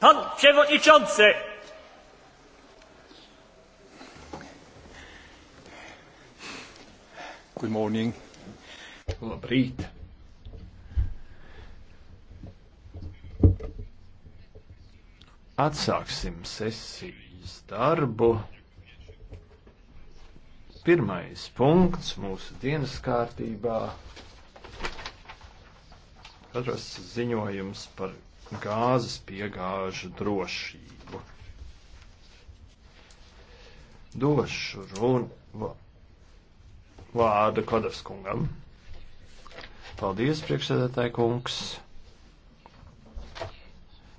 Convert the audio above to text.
Pan przewodniczący! Good morning. Labrīt. Atsāksim sesijas darbu. Pirmais punkts mūsu dienas kārtībā. Katrs ziņojums par gāzes piegāžu drošību. Došu runu vārdu Kodavskungam. Paldies, priekšsēdētāji kungs!